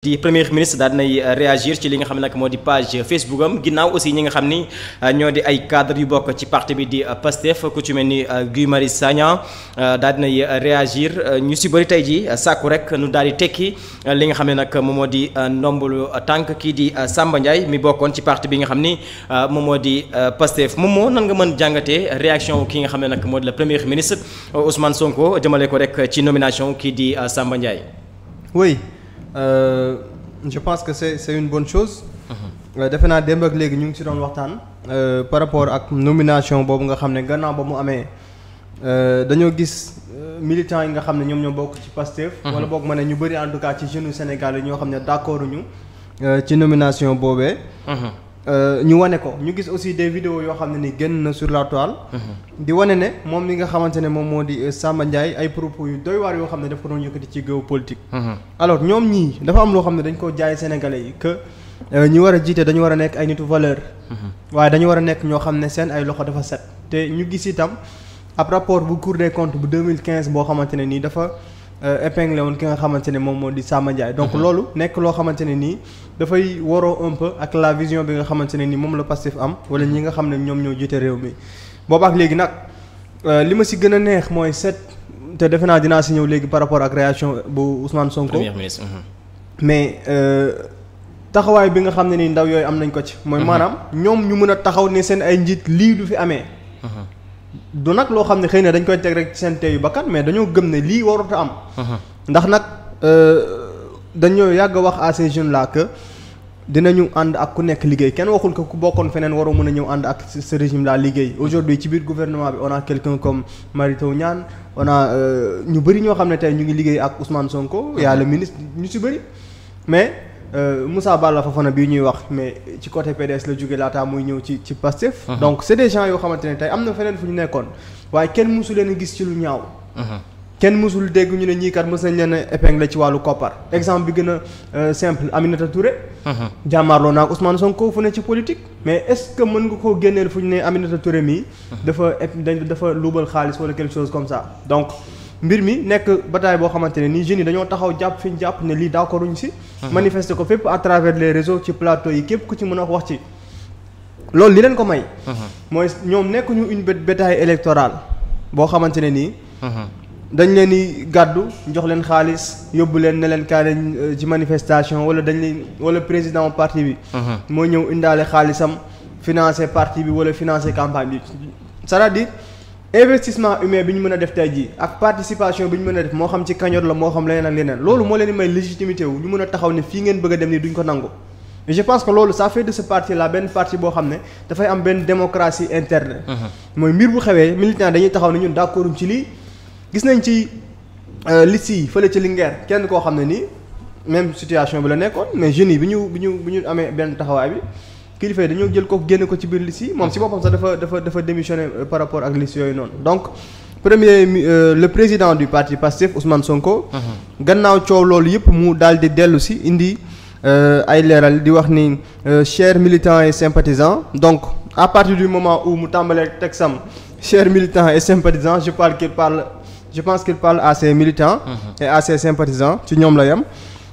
di premier ministre daal euh, réagir ci li nga xam ne nag moo di page Facebook am ginnaaw aussi ñi nga xam ni euh, ñoo di ay cadre yu bokk ci parti bi di euh, Pastef ku ci mel ni Guy Marius Sagna daal réagir ñu si bëri tey jii sàkku rek nu daal di tekki li nga xam ne nag moom moo di ndombalu tànk kii di Samba mi bokkoon ci parti bi nga xam ni moo moo di Pastef moom moo nan nga mën jàngatee réaction ki nga xam ne nag moo di la premier ministre Ousmane Sonko jëmale ko rek ci nomination kii di Samba Euh, je pense que c'est c'est une bonne chose. Uh-huh. Euh, defe naa démb ak léegi ñu ngi ci doon waxtaan. Euh, par rapport ak nomination boobu nga xam ne gannaaw ba mu amee dañoo gis militants yi nga xam ne ñoom ñoom bokk ci Pastef. Uh-huh. wala boog ma ne ñu bëri en tout cas ci jeunes Sénégal yi ñoo xam ne d'accorduñu ci nomination boobee. Uh-huh. Euh, ñu wane ko ñu gis aussi des vidéos yoo xam ne ni génn na sur la mhm. di wane ne moom li nga xamante ne moom moo di euh, Samba Ndiaye ay propos yu doy waar yoo xam ne daf doon yëkkati ci géopolitique. Mhm. alors ñoom ñii dafa am loo xam ne dañ koo jaay sénégalais yi que euh, ñi war a jiite dañu war a nekk ay nitu valeur. Mhm. waaye dañu war a nekk ñoo xam ne seen ay loxo dafa set. te ñu gis itam ab rapport bu Cour des comptes bu boo xamante nii dafa. Euh, épinglé woon ki nga xamante ne moom moo di Samba Ndiaye donc mhm. loolu nekk loo xamante ne nii dafay waroo un ak la vision bi nga xamante ne nii moom la Pastef am wala ñi mhm. nga xam ne ñoom ñoo jiite réew mi boobaak léegi nag euh, li ma si gën a neex mooy set te defe naa dinaa si ñëw léegi par rapport ak réaction bu Ousmane Sonko premier ministre mhm. mais euh, taxawaay bi nga xam ne nii ndaw yooyu am nañ ko ci mooy maanaam ñoom ñu mën a taxaw ne seen ay njiit lii du fi amee du nag loo xam ne xëy na dañ koy teg rek seen yu bakkan mais dañoo gëm ne lii warut a am. Uh-huh. ndax nag euh, dañoo yàgg wax à ces jeunes là que dinañu ànd ak ku nekk liggéey kenn waxul ko ku bokkoon feneen waroo mën a ñëw ànd ak ce régime là liggéey uh-huh. aujourd'hui ci biir gouvernement bi on a quelqu'un comme Mary Teuw Niane on euh, ñu bëri ñoo xam ne tey ñu ngi liggéey ak Ousmane Sonko. yàlla a uh-huh. ministre ñu si bëri mais. Euh, Moussa Balla Fofana bii ñuy wax mais ci côté PDS la jóge laataa muy ñëw ci ci Pastef mhm. donc c'est des gens yoo xamante ne tey am na feneen fu ñu nekkoon waaye kenn mësu leen gis ci lu ñaaw mhm. kenn mësul dégg ñu ne ñii kat mës nañ leen a ci wàllu koppar exemple bi gën a euh, simple Aminata Touré mhm. jàmmaarloo naa ak Ousmane Sonko fu ne ci politique mais est-ce que mën nga koo génneel fu ñu ne Aminata Touré mii dafa dafa luubal xaalis wala quelque chose comme ça donc mbir mi nekk bataille boo xamante ne nii jeunes dañoo taxaw jàpp fi ñu jàpp ne lii d'accorduñ si mhm. manifester ko fépp à travers les ci plateau yi képp ku ci mën a wax ci loolu li leen ko may mhm. mooy ñoom nekkuñu une bataille électorale boo xamante ne nii mhm. dañ leen di gàddu jox leen xaalis yóbbu leen ne leen kaay leen euh, ci manifestation wala dañ leen wala président parti bi mooy ñëw indaale xaalisam financer parti bi wala financer campagne bi cest investissement humain bi ñu mën a def tey jii ak participation bi ñu mën a def moo xam ci cagnotte la moo xam leneen ak leneen loolu moo leen di may légitimité ñu mën a taxaw ne fii ngeen bëgg a dem nii duñ ko nangu. et je pense que loolu ça fait de ce parti là benn parti boo xam ne dafay am benn démocratie interne. Mhm. mooy mbir bu xewee militant dañuy taxaw ne ñun d'accord ci lii. gis nañ ci euh, liste yi fële ci Linguère kenn koo xam ne nii même situation bi la nekkoon mais jeunes yi bi ñu bi ñu bi ñu amee benn bi. kilifa yi dañoo jël ko génne ko ci biir liste moom si boppam sax dafa dafa dafa démissionné euh, par rapport ak liste yooyu noonu donc premier euh, le président du parti Pastef Ousmane Sonko. Mhm. gannaaw coow loolu yëpp mu daal di dellu si indi euh, ay leeral di wax ni euh, chers militants et sympathisants donc à partir du moment où mu tàmbalee teg sam chers militants et sympathisants je parle qu'il parle je pense qu'il parle à ses militants. Mhm. et à ses sympathisants ci ñoom la yem.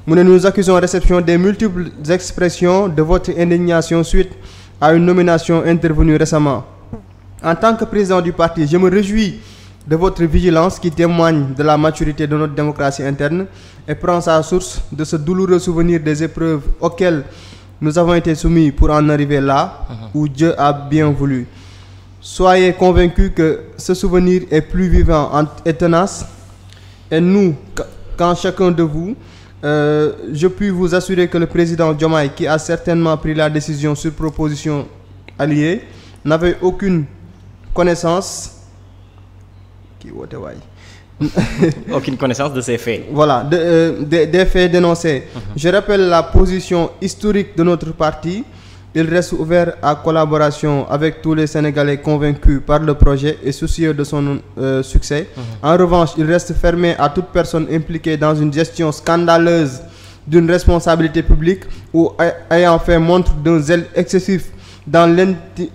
mu ne nous accusons réception des multiples expressions de votre indignation suite à une nomination intervenue récemment en tant que président du parti je me réjouis de votre vigilance qui témoigne de la maturité de notre démocratie interne et prend sa source de ce douloureux souvenir des épreuves auxquelles nous avons été soumis pour en arriver là uh -huh. où Dieu a bien voulu. Soyez convaincus que ce souvenir est plus vivant et tenace et nous, quand chacun de vous Euh, je puis vous assurer que le président Diomaye, qui a certainement pris la décision sur proposition alliée, n'avait aucune connaissance kii woote waay. aucune de ces faits. Voilà, de, euh, de, des faits dénoncés. Uh-huh. Je rappelle la position historique de notre parti. Il reste ouvert à collaboration avec tous les Sénégalais convaincus par le projet et soucieux de son euh, succès. Mmh. En revanche, il reste fermé à toute personne impliquée dans une gestion scandaleuse d'une responsabilité publique ou ayant fait montre d'un zèle excessif dans l'inimitié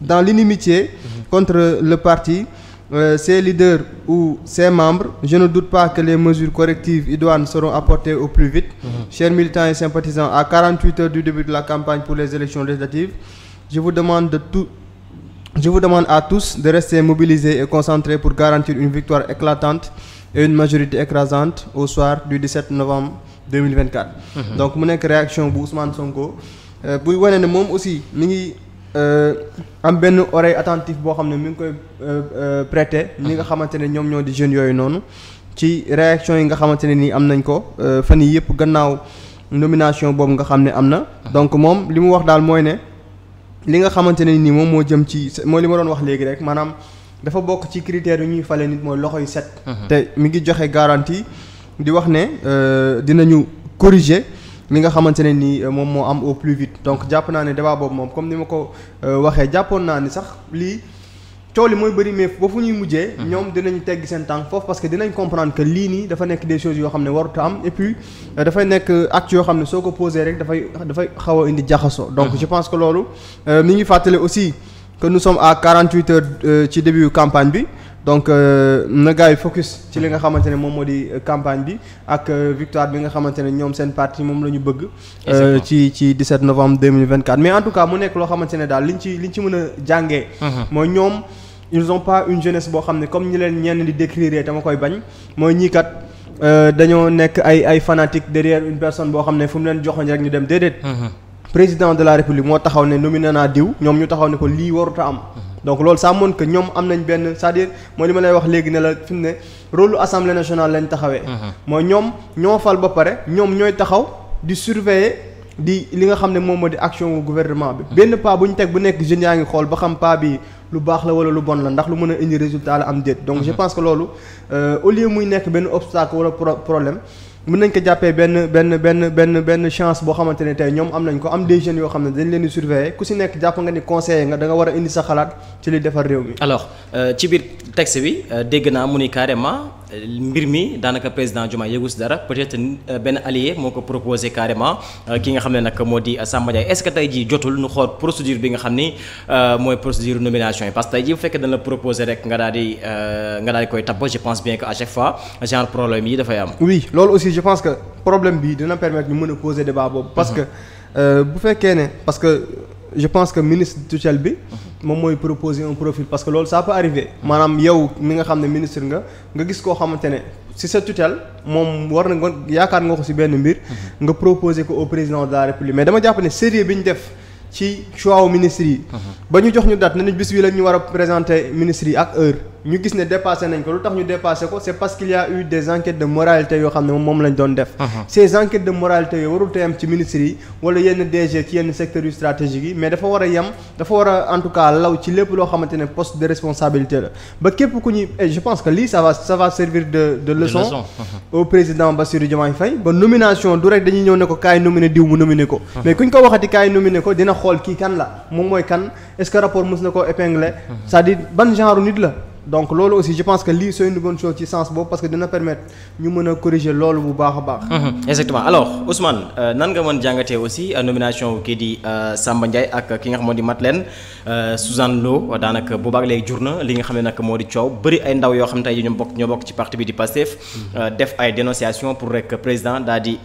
dans, mhm. dans contre le parti euh, ses leaders ou ses membres je ne doute pas que les mesures correctives idoines seront apportées au plus vite mmh. chers et sympathisants à 48 du début de la campagne pour les élections législatives je vous demande de tout je vous demande à tous de rester mobilisés et concentrés pour garantir une victoire éclatante et une majorité écrasante au soir du 17 novembre 2024 mmh. donc mu nekk réaction bu Ousmane Sonko euh, buy wane ne moom aussi mi Euh, am benn oreille attentive boo xam ne mi ngi koy euh, euh, prêter mhm. ñi nga xamante ne ñoom ñoo di jeunes yooyu noonu ci réaction yi nga xamante ne nii am nañ ko fan yii yëpp gannaaw nomination boobu nga xam ne am na. Mhm. donc moom li mu wax daal mooy ne li nga xamante ne nii moom moo jëm ci mooy li ma doon wax léegi rek maanaam dafa bokk ci critères yu ñuy fale nit mooy loxo yu set. Mhm. te mi ngi joxe garantie di wax ne dinañu corriger. li nga xamante ne ni euh, moom moo am au plus vite donc jàpp naa ne débat boobu moom comme ni ma ko euh, waxee jàppoon naa ni sax lii coow li mooy bëri mais ba fu ñuy mujjee. Mhm. ñoom dinañ tegg seen tànk foofu parce que dinañ comprendre que lii nii dafa nekk des choses yoo xam ne warut am et puis euh, dafay nekk acte yoo xam ne soo ko posé rek dafay dafay xaw indi jaxasoo. donc mhm. je pense que loolu mi ngi fàttale aussi que nous sommes à 48 heures ci début campagne bi. donc euh, na gars yi focus ci li nga xamante ne moom moo di euh, campagne bi ak euh, victoire bi nga xamante ne ñoom seen parti moom la ñu bëgg. ci ci 17 novembre 2024. mais en tout cas mu nekk loo xamante ne daal liñ ci liñ ci mën a jàngee. Mhm. mooy ñoom ils ont pas une jeunesse boo xam ne comme ñi leen ñenn di décrire dama koy bañ mooy ñii kat. dañoo nekk ay ay fanatique derrière une personne boo xam ne fu mu leen joxoñ rek ñu dem déedéet. Mhm. président de la république moo taxaw ne nominé naa diw ñoom ñu taxaw ne ko lii waruta am. Mhm. donc loolu ça montre que ñoom am nañ benn saa à dire li ma lay wax léegi ne la fi mu ne rôle assemblée nationale lañ taxawee. Mhm. mooy ñoom ñoo fal ba pare ñoom ñooy taxaw di surveiller. di li nga xam ne moom moo di action gouvernement bi. Mhm. benn pas bu ñu teg bu nekk jeunes yaa ngi xool ba xam pas bi lu baax la wala lu bon la ndax lu mën a indi résultat la am déet. donc je mhm. pense que loolu euh, au lieu muy nekk benn obstacle wala problème. mun nañ ko jàppee benn benn benn benn benn chance boo xamante ne tey ñoom am nañ ko am des jeunes yoo xam ne dañ leen di ku si nekk jàpp nga ni conseiller nga da nga war a indi sa xalaat ci li defar réew mi. alors euh, ci biir texte bi euh, dégg naa mu ni carrément. mbir mi daanaka président Diomaye yëgu si dara peut-être euh, benn allié moo ko proposé carrément euh, ki nga xam ne nag moo di euh, Samba Ndiaye est jii jotul nu xool procédure bi nga xam ni mooy procédure nomination yi parce que jii bu fekkee dana la rek nga daal nga daal di koy tabb je pense bien que à chaque fois genre problème yi dafay am. oui loolu aussi je pense que problème bi dina permettre ñu mën a poser débat boobu. parce mm-hmm. bu fekkee ne parce je pense que ministre tutelle bi moom mooy proposer un profil parce que loolu ça peut arriver maanaam yow mi nga xam ne ministre nga nga gis koo xamante ne si sa tutelle moom war na nga yaakaar nga ko si benn mbir nga proposer ko au président de la république mais dama jàpp ne sérieux bi ñu def ci choix ministre yi mhm. ba ñu jox ñu date ne bis wi la ñu war présenter ministre yi ak heure ñu gis ne dépassé nañ ko lu tax ñu dépassé ko c'est parce qu'il y a eu des enquêtes de moralité yoo xam ne moom lañ doon def ces enquêtes de moralité yooyu warul te yem ci ministres yi wala yenn DG ci yenn secteurs yu stratégique yi mais dafa war a yem dafa war a en tout cas law ci lépp loo xamante ne poste de responsabilité la ba képp ku ñuy et je pense que li ça va ça va servir de de leçon au président Bassirou Diomaye Faye ba nomination du rek dañuy ñëw ne ko kaay nominé diw mu nominé ko mais kuñ ko ko dina xool kii kan la moom mooy kan est-ce que rapport mës na ban genre nit la donc loolu aussi je pense que lii c'est une bonne chose ci sens boobu parce que dina permettre ñu mën a corriger loolu bu baax a baax. Mhm, exactement alors Ousmane euh, nan nga mën jàngatee aussi euh, nomination kii di euh, Samba Ndiaye ak ki nga xam moo di Madeleine Suzanne Lo daanaka boobaag léegi jur na li nga xam ne nag moo di coow bëri ay ndaw yoo xam tey ñoo bokk ñoo bokk ci parti bi di Pastef mhm. def ay dénonciation pour rek président daal di.